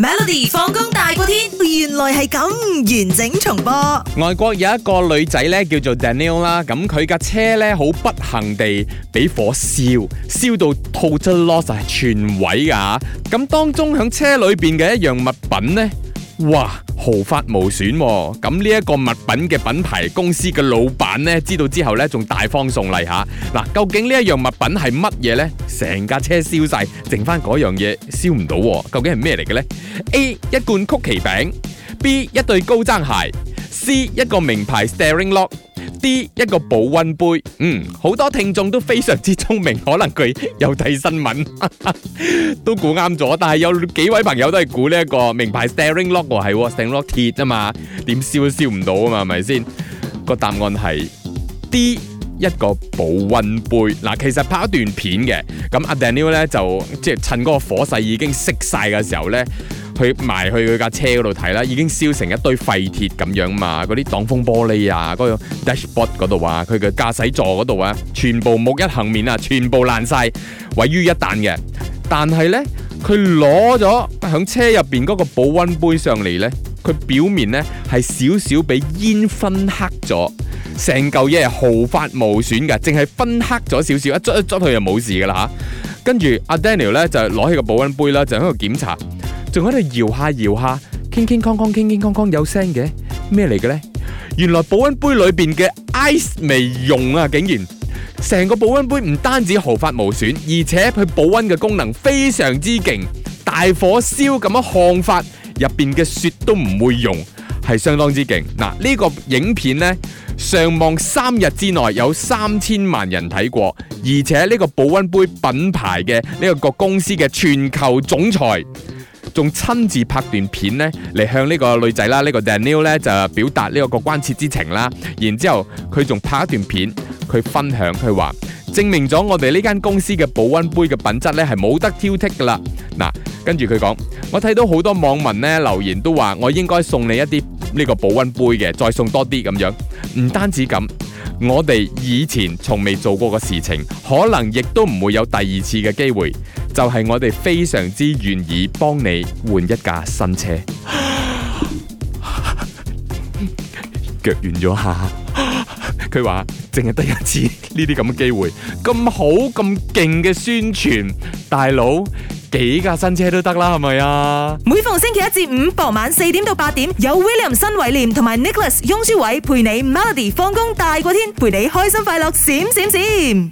Melody 放工大過天，原來係咁完整重播。外國有一個女仔咧，叫做 Daniel 啦，咁佢架車咧好不幸地俾火燒，燒到 total loss 全毀噶、啊。咁當中響車裏邊嘅一樣物品呢？哇！毫髮無損喎、啊，咁呢一個物品嘅品牌公司嘅老闆呢，知道之後呢，仲大方送禮吓。嗱，究竟呢一樣物品係乜嘢呢？成架車燒晒，剩翻嗰樣嘢燒唔到，究竟係咩嚟嘅呢？A 一罐曲奇餅，B 一對高踭鞋，C 一個名牌 steering lock。D 一個保温杯，嗯，好多聽眾都非常之聰明，可能佢有睇新聞，都估啱咗。但係有幾位朋友都係估呢一個名牌 Steering Lock 係、哦哦、Steering Lock 鐵啊嘛，點燒都燒唔到啊嘛，係咪先？個答案係 D 一個保温杯。嗱、啊，其實拍一段片嘅，咁阿 Daniel 咧就即係趁嗰個火勢已經熄晒嘅時候咧。佢埋去佢架車嗰度睇啦，已經燒成一堆廢鐵咁樣嘛。嗰啲擋風玻璃啊，嗰個 dashboard 嗰度啊，佢嘅駕駛座嗰度啊，全部無一倖免啊，全部爛晒，毀於一旦嘅。但係咧，佢攞咗喺車入面嗰個保溫杯上嚟咧，佢表面咧係少少俾煙熏黑咗，成嚿嘢係毫髮無損㗎，淨係熏黑咗少少，一捽一捽佢就冇事㗎啦吓。跟住阿 Daniel 咧就攞起個保溫杯啦，就喺度檢查。仲喺度搖下搖下，鏗鏗鏘鏘，鏗鏗鏘鏘，有聲嘅咩嚟嘅呢？原來保溫杯裏邊嘅 ice 未溶啊！竟然成個保溫杯唔單止毫髮無損，而且佢保溫嘅功能非常之勁，大火燒咁樣烘法，入邊嘅雪都唔會溶，係相當之勁嗱。呢、啊這個影片呢，上網三日之內有三千萬人睇過，而且呢個保溫杯品牌嘅呢個個公司嘅全球總裁。仲親自拍段片呢，嚟向呢個女仔啦，呢個 Daniel 呢，就表達呢一個關切之情啦。然之後佢仲拍一段片，佢分享佢話，證明咗我哋呢間公司嘅保溫杯嘅品質呢，係冇得挑剔噶啦。嗱，跟住佢講，我睇到好多網民呢留言都話，我應該送你一啲呢個保溫杯嘅，再送多啲咁樣。唔單止咁，我哋以前從未做過嘅事情，可能亦都唔會有第二次嘅機會。就係我哋非常之願意幫你換一架新車，腳軟咗下。佢話淨係得一次呢啲咁嘅機會，咁好咁勁嘅宣傳，大佬幾架新車都得啦，係咪啊？每逢星期一至五傍晚四點到八點，有 William 新偉廉同埋 Nicholas 雍舒偉陪你 Melody 放工大過天，陪你開心快樂閃閃閃。閃閃閃閃。